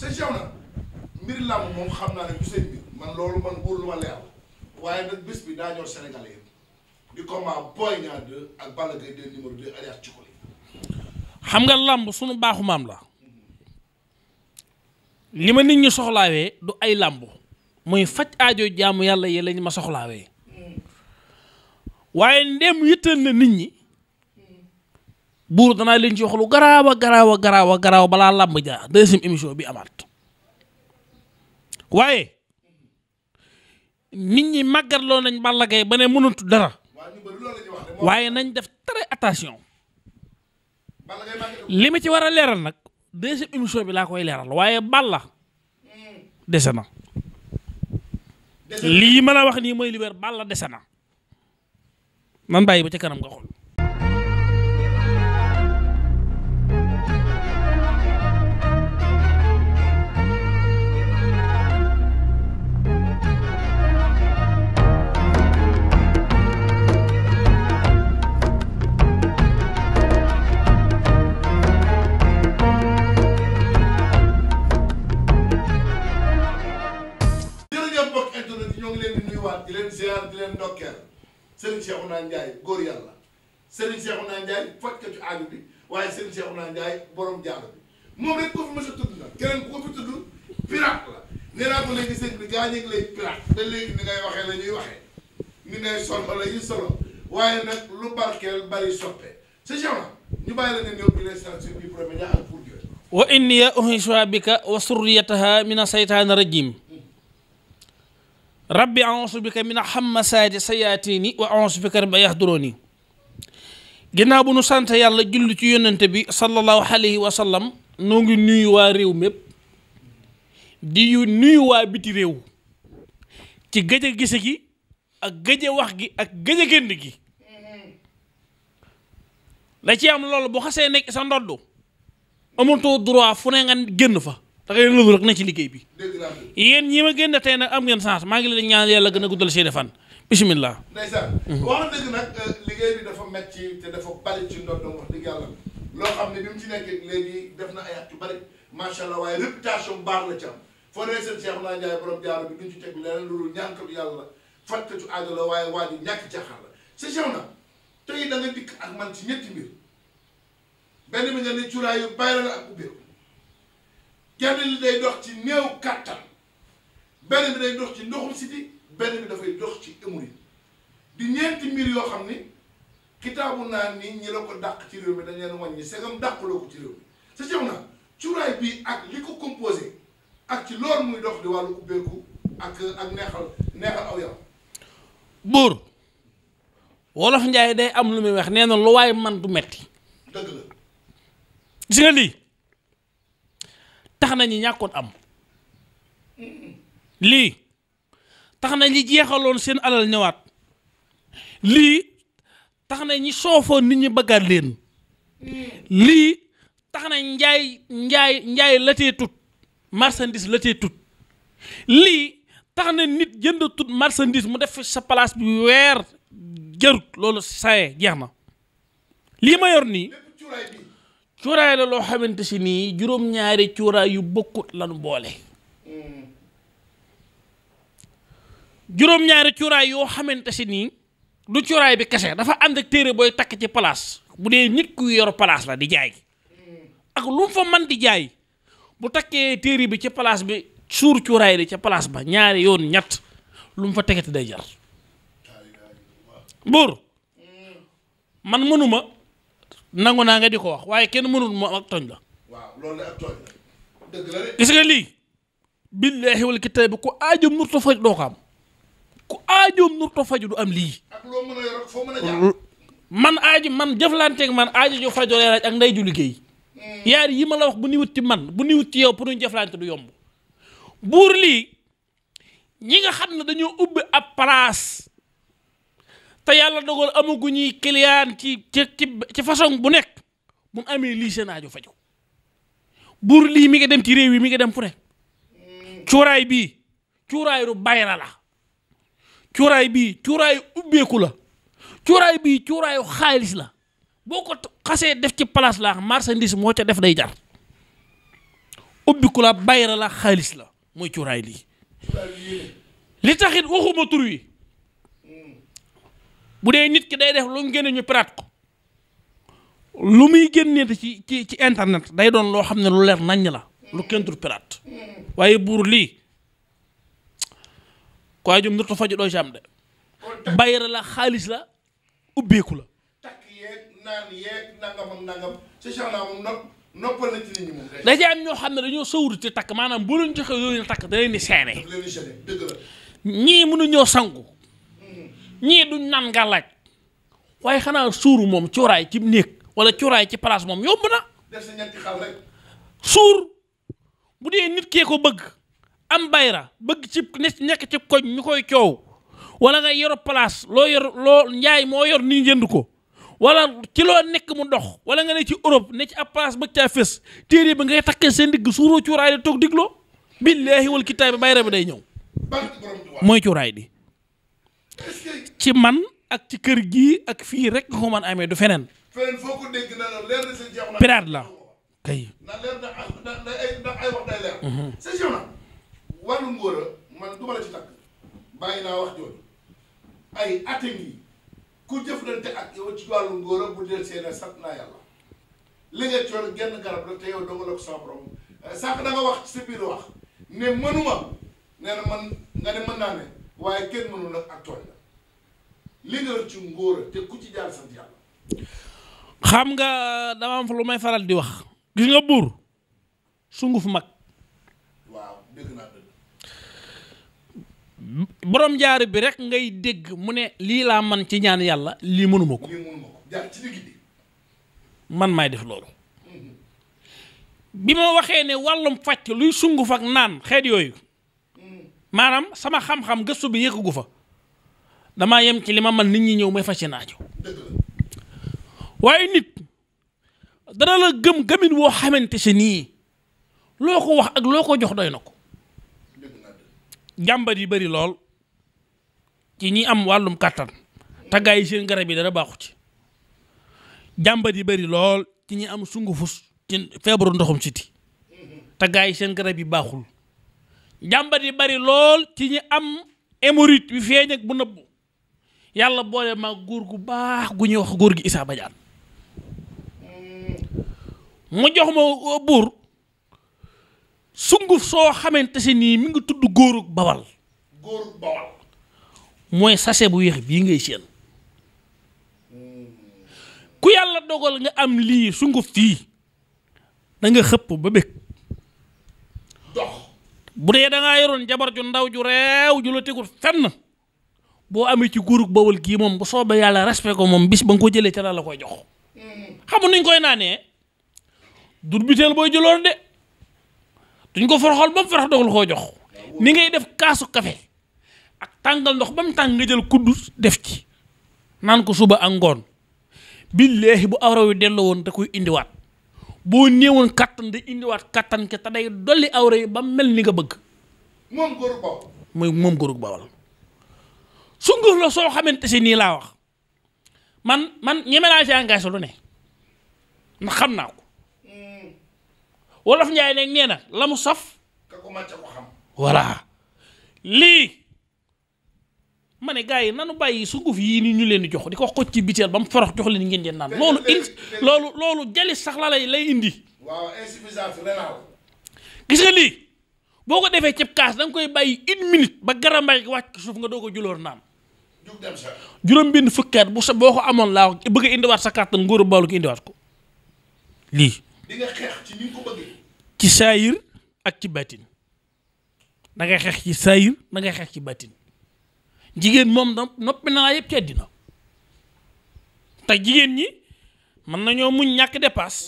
sëñ Cheikh nag làmb moom xam naa ne du seen mbir man loolu man buur lu ma leer waaye nag bés bi daa ñor Sénégalais yëpp di combat Boy Niang 2 ak Balla Gaye 2 numéro 2 alias Cukkuli xam nga làmb suñu baaxu maam la li ma nit ñi soxlaawee du ay làmb muy faj aajo jàmm yàlla yi lañ ma soxlaawee mm. waaye ndem yittal na nit ñi buur danaa leen ci wax lu garaaw a garaaw a garaaw balaa làmb jaa deuxième émission bi amaat waaye nit ñi màggatloo nañ Balla Gaye ba ne mënatu dara waaye nañ def très attention li ma ci war a leeral nag deuxième émission bi laa koy leeral waaye Balla dese na lii ma laa wax nii mooy li wér Balla dese na man bàyyi ba ca kanam nga Ndiaye fajkatu aaju bi waaye sëriñ Cheikhouna bi moom ko fi mës a tudd keneen ku ko fi tudd la nee naa ko léegi bi gaa ñu ngi lay te léegi ngay waxee la ñuy waxee ni ngay la ñuy waaye nag lu barkeel bari soppe sëñ Cheikhouna ñu bàyyi la nga ñëw di leen sant suñu premier ak pour Dieu. wa inniya uhiisuha bika wa surriyataha mina saytaani rajim rabbi ausu bika mina hammasaati sayaatini wa ausu bika rabbi yahdurooni ginnaaw bu nu sant yàlla julli ci yónnante bi sallallahu alayhi wa sallam noo ngi nuyu waa réew mépp di nuyu waa biti réew ci gëj a gise gi ak gëj a wax gi ak gëj a génn gi la ci am loolu bu xasee nekk sa ndoddu amatoo droit fu ne nga génn fa da ngay loolu rek na ci liggéey bi yéen ñi ma génn tey nag am ngeen chance maa ngi leen ñaan yàlla gën a guddal seeni fan bisimilah. ndeysaan. Mhm. wax dëgg nag euh, liggéey bi dafa metti te dafa bari ci ndoddom wax dëgg yàlla loo xam ne bi mu ci nekkee léegi def na ay at yu bari allah waaye réputation baax la ci am foo nee seen Cheikh naa Ndiaye borom jaaro bi duñ ci teg leneen loolu ñànkatu yàlla la fàttatu aajo la waaye waa ñàkk caaxaan la si Cheikh na tey da nga dikk ak man ci ñetti mbir benn bi nga ne cuuraay yu bàyyi la ak ubbeeku li day dox ci néew kàttan benn bi day ci ndoxum siti benn bi dafay dox ci émuri di ñeenti mbir yoo xam ni kitaabu naa ni ñi la ko dàq ci réew mi dañ leen wàññi segam dàqloo ko ci réew mi sa cew na cuuraay bii ak li ko composé ak ci loolu muy dox di wàllu ubbeeku ak ak neexal neexal aw yaram buur wolof njaay day am lu muy wax nee na lu waay man du metti dëgg la gis nga lii tax na ñàkkoon am lii tax na ñi jeexaloon seen alal ñëwaat lii tax na ñi soofoon nit ñi bëggaat leen lii tax na njaay njaay njaay la tee tut marchandise la tee tut lii tax na nit jënd tut marsandiis mu def sa palaas bi weer jarut loolu saye jeex na lii ma yor nii cuuraay la loo xamante si nii juróom-ñaari cuuraay yu bokkut lanu boole juróom-ñaari cuuraay yoo xamante si nii du cuuraay bi kese dafa ànd ak téere booy takk ci place bu dee nit ku yor place la di jaay ak lu mu fa man di jaay bu takkee téere bi ci place bi suur cuuraay li ca place ba ñaari yoon ñett lu mu fa tegeti day jar buur man mënuma nangu naa nga di ko wax waaye kenn mënul moom ak la waaw loolu ak tooñ la dëgg la gis nga lii billaahi wal kitaabi ku aajo murta faj doo ko am ku aajoom nur to faju du am lii man aaju man jëflanteeg man aaju jo fajo laaj ak ndey ju liggéey hmm. yaar yi ma la wax bu niwut ci man bu niwut ci yow pour ñu jëflante du yomb buur lii ñi nga xam ne dañoo ubbi ab palaas te yàlla dogal amagu ñuy client ci ci ci façon bu nekk bu amee lii seen aajo faju buur lii mi nga dem ci réew yi mi nga dem fu ne hmm. cuuraay bii cuuraay ru bayra la cuuraay bii cuuraayu ubbeeku la cuuraay bii cuuraayu xaalis la boo ko xasee def ci place laa marchandise moo ca def day jar ubbiku la bayra la xaalis la mooy cuuraay lii li taxit waxuma tur wi bu dee nit ki day def lu mu génne ñu piraat ko lu muy génneeti ci ci ci internet day doon loo xam ne lu leer naññ la lu kenn tur piraat waaye buur lii ko ajum nurto fajuɗo jamɗe bayra la xaalis la ubbeeku la takk yeeg ci am ñoo xam ne dañoo sawru ci takk maanaam bu leen joxe yooyu takk da leen di seene dëgg la ñii mënu ñoo sangu mm-hmm. ñii duñ naan nga laaj waaye xanaa suur moom cuuraay ci néeg wala cuuraay ci place moom yomb na des na ñetti xal bu dee nit kee ko bëgg am bayra bëgg ci nekk ci koñ ñu koy coow wala nga yoro place loo yor loo njaay moo yor ni jënd ko wala ci loo nekk mu dox wala nga ne ci Europe ne ci ab place bëgg téere ba ngay takkee seen digg suuroo cuuraay di toog digloo bayra bi day ñëw mooy cuuraay di ci man ak ci kër gi ak fii rek nga ko mën amee du feneen piraat la wàllu ngóor a man du ma la ci takk bàyyi naa wax jooju ay at yi ku jëflante ak yow ci wàllu ngóora a bu del seena sant naa yàlla li nga genn garab la te yow dong la ko sama borom eh, sànq da wax ci sa biir wax ne mënuma nee na man nga ne mën naa waaye kenn mënul nag ak tooñ la li ci ngóor te ku ci jaar sant yàlla xam nga dama am lu may faral di wax gis nga buur sunguf mag borom jaari bi rek ngay dégg mu ne lii laa man ci ñaan yàlla lii mënuma ko man maay def loolu bi ma waxee ne wàllum faj luy sunguf ak naan xeet yooyu maanaam sama xam-xam gëstu bi yëkkagu fa damaa yem ci li ma man nit ñi ñëw mooy faj seen aajo waaye nit dana la gëm gëmin woo xamante si nii loo ko wax ak loo ko jox doy na ko njàmbat yi bari lool ci ñi am wàllum kàttan taggaay yi seen garab yi dara baaxu ci jàmbat yi bari lool ci ñi am sungufus ci feebaru ndoxum siti taggaay yi seen garab yi baaxul jàmbat yi bari lool ci ñi am hémorroïde bi feeñ ak bu nëbbu yàlla boole ma góor gu baax gu ñuy wax góor gi Issa Badiane mu jox ma buur sunguf soo xamante si nii mu ngi tudd góorug bawal góorug bawal mooy sachet bu weex bii ngay seen ku yàlla dogal nga am lii sunguf fii danga nga xëpp ba bëgg bu dee da ngaa yoroon jabar ju ndaw ju reew ju la tegul fenn boo amee ci góorug bawal gii moom bu soobee yàlla respect ko moom bis ba nga ko jëlee ca la la koy jox mm. xamu nañ koy naanee dur biteel booy jëloon de duñ ko foroxal ba mu forox dogal koo jox ni ngay def kaasu kafe ak tàngal ndox ba mu tàng nga jël kuddu def ci naan ko suba ak ngoon billaahi bu awraw yi delloo woon da koy indiwaat boo néewoon kattan da indiwaat kattan ke te day dolli awra yi ba mel ni nga bëgg. moom góorug bawal. mooy moom góorug la soo xamante si nii laa wax man man ñeme naa ci engagé lu ne ndax xam naa ko. wolof njaay nag nee na la mu saf ka ko lii ma ne gars yi nanu bàyyi sunguf yii ni ñu leen di jox di ko xoj ci biteel ba mu forox jox leen ngeen di naan loolu in loolu loolu jalis sax la lay lay indi waaw insuffisance rénale gis nga lii boo ko defee cëb kaas da koy bàyyi une minute ba garambay wàcc suuf nga doo ko julóor naan juróom benn fukkaat bu sa boo ko amoon laa bëgg indiwaat sa kàttan nguuru baalu ko indiwaat ko lii di nga xeex ci saayir ak ci baatin dangay xeex ci saayir da ngay xeex ci baatin jigéen moom da noppi na laa yëpp ci te jigéen ñi mën nañoo muñ ñàkk dépasse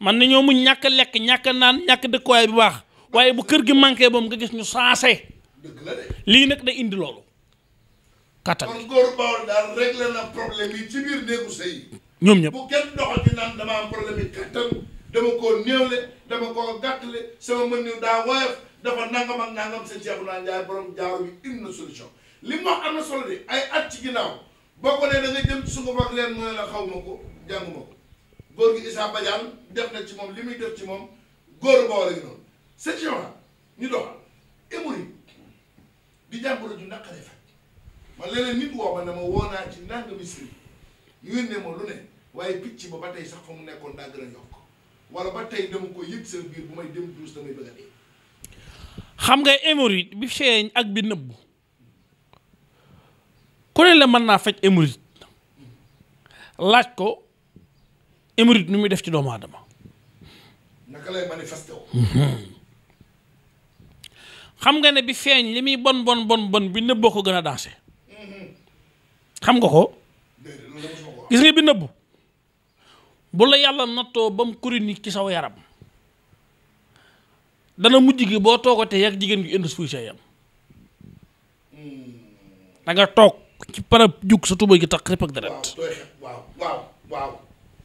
mën nañoo muñ ñàkk lekk ñàkk naan ñàkk dëkkuwaay bu baax waaye bu kër gi manqué boobu nga gis ñu saase lii nag day indi loolu kattan dama koo néewle dama koo gàttale sama mën niw daa woyof dafa nangam ak nangam seen ceebu naa njaay borom jaaru bi indi na solution li mu wax am na solo de ay at ci ginnaaw boo ko nee da nga jëm leen mu ko jàngu def na ci moom li muy def ci moom góor ba war a gi noonu seen ceebu ñu doxal émori di jàngoro ju naqaree faj man leneen nit woo ma ne ma woo naa ci nangami sëriñ ñu ne ma lu ne waaye picc ba ba tey sax fa mu nekkoon daa gën a yokk wala ba xam nga hémorroïde bi feeñ ak bi nëbbu ku ne la mën naa faj hémorroïde laaj ko hémorroïde nu muy def ci doomu aadama xam nga ne bi feeñ li muy bon bon bon bi nëbboo ko gën a dansé xam nga ko gis nga bi nëbbu bu la yàlla nattoo ba mu chronique ci saw yaram dana mujj gi boo toogatee yàgg jigéen gi indi fuy sa yam hmm. da toog ci parab jug sa tuba gi tax rëpp ak deret waaw waaw waaw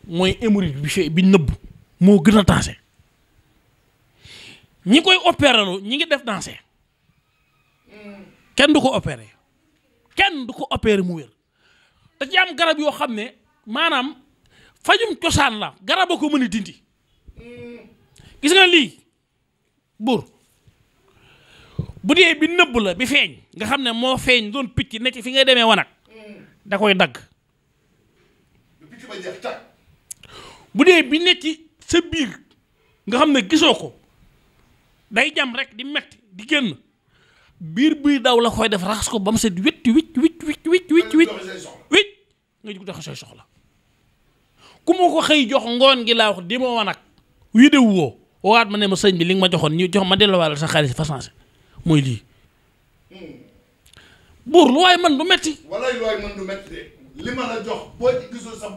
mooy hémorroïde bi fee bi nëbb moo gën a dansé ñi koy opéré lu ñi ngi def dansé kenn du ko opéré kenn du ko opéré mu wér da ci am garab yoo xam ne maanaam. fajum cosaan la garab a ko mën a dindi gis nga lii buur bu dee bi nëbb la bi feeñ nga xam ne moo feeñ doon picc ne ci fi ngay demee wanag da koy dagg bu dee bi ne ci sa biir nga xam ne gisoo ko day jam rek di metti di génn biir buy daw la koy def raxas ko ba mu set wicc wicc wicc wicc wicc wicc wicc nga jug doxe say soxla ku ma ko xëy jox ngoon gi laa wax di ma wan ak vidéo woo waat ma ne ma sëñ bi li nga ma joxoon ñu jox ma delluwaale sa xaalis fa sensé mooy lii hmm. man la sa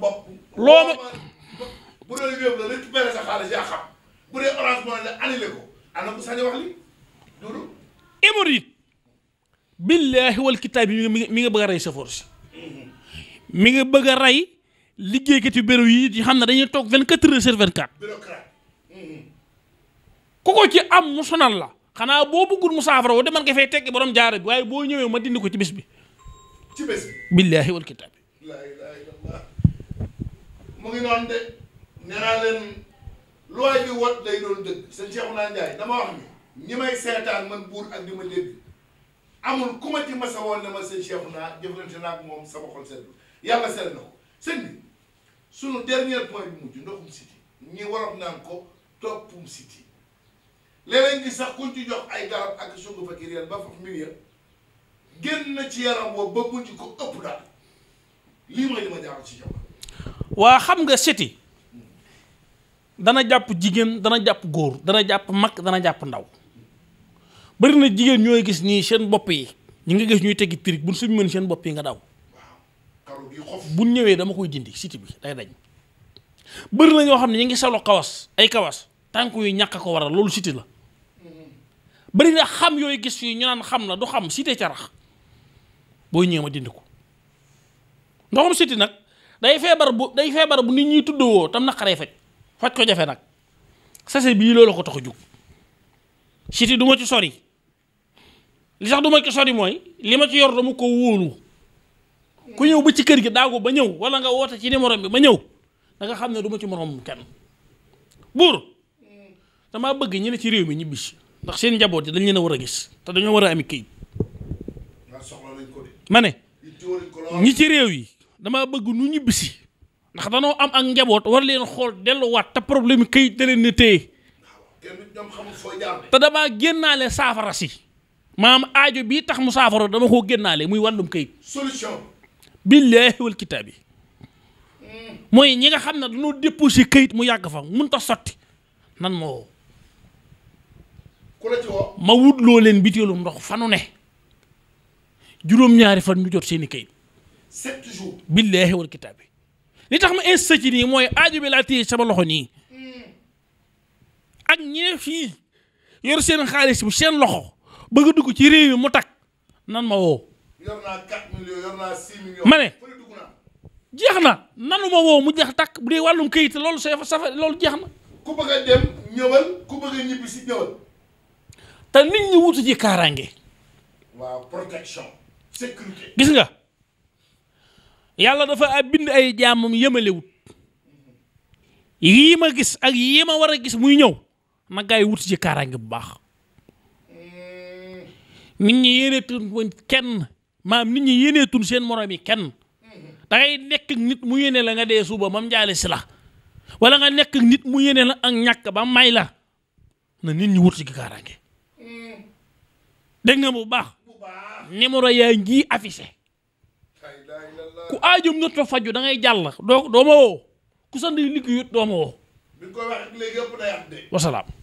bu doon xaalis yaa xam bu dee orange moo la annulé ko ana ko sañ wax li dudu hémorroïde billaahi wal kitaab yi mi nga mi nga bëgg a rey sa force hmm. mi nga bëgg a rey liggéey liggéeykat ci bureau yi yi xam ne dañuy toog vingt heures sur 24. ku ko ci am mu sonal la xanaa boo bëggul mu saafara woo de man nga tegge tekki borom jaara bi waaye boo ñëwee ma dindi ko ci bés bi. ci bés bi. billaahi wal kitaab. mu de nee naa leen lu waay bi wat day doon dëgg sëñ Cheikhouna dama wax ni ñi may seetaan man buur ak di ma dégg amul ku ma ci masa woon ne ma sëñ Cheikhouna jëflante naa ak moom sama xol sedd yàlla sedd na ko sunu dernier point bi mujj ndoxum siti ñi waroon naan ko toppum siti léeg-léeg sax kuñ ci jox ay garab ak sunguf ak yeneen ba faf mbir génn na ci yaram woo ba mujj ko ëpp daal lii mooy ma jaaxal ci jamono. waa xam nga siti dana jàpp jigéen dana jàpp góor dana jàpp mag dana jàpp ndaw bari na jigéen ñooy gis nii seen bopp yi ñi nga gis ñuy teggi pirig buñ suñu mën seen bopp yi nga daw. bu ñëwee dama koy dindi siti bi day dañ bëri na ñoo xam ne ñu ngi solo kawas ay kawas tànk yu ñàkk ko waral loolu siti la mm-hmm. bari na xam yooyu gis yu ñu naan xam na du xam site carax booy ñëwee ma ko ndoxum siti nag day feebar bu day feebar bu nit tudd woo tam naqaree faj faj ko jafe nag sase bii loolu ko tax a jug siti du ma ci sori li sax du ma ci sori mooy li ma ci yor dama ko wóolu ku ñëw ba ci kër gi daagu ba ñëw wala nga woote ci numéro bi ba ñëw da nga xam ne du ma ci morom kenn buur damaa bëgg ñu ne ci réew mi ñu ndax seen njaboot yi dañ leen a war gis te dañoo war a ami këyit ah, ne ñi ci réew yi damaa bëgg nu ñibbisi ndax danoo am ak njaboot war leen xool delluwaat te problème këyit da leen ne téye te damaa génnaale saafara si maam aajo bii tax mu saafara dama koo génnaale muy wàllum këyit solution billaahi wal kitaab yi mooy ñi nga xam ne dañoo déposé kayit mu yàgg fa mun ta sotti nan ma woo ma wut loo leen biteelum ndox fanu ne juróom-ñaari fan ñu jot seeni kayit sept jours kitaab bi li tax ma insisté ci nii mooy aaju bi laa téye sama loxo nii ak ñi fii yor seen xaalis bu seen loxo bëgg a dugg ci réew mi mu tag nan ma woo yor jeex na nanu ma woo mu jeex takk bu dee wàllum këyit loolu sa safa loolu jeex na. a a ñibbi te nit ñi wutu ci kaaraange. waaw protection gis nga yàlla dafa bind ay jaamam yemalewut yii ma gis ak yii ma war a gis muy ñëw na yi wuti ci kaaraange bu baax. Hmm. nit ñi yéene tuuti kenn. maam nit ñi yéeneetul seen morom yi kenn mm-hmm. da nekk nit mu yéene la nga dee suba mam jaale si la wala nga nekk nit mu yéene la ak ñàkk bam may la na nit ñi wut si kaaraange mm-hmm. dégg bu baax numéro yaa ngi affiché ku aajum not fa faju da ngay jàll doo doo ma woo ku liggéeyut doo ma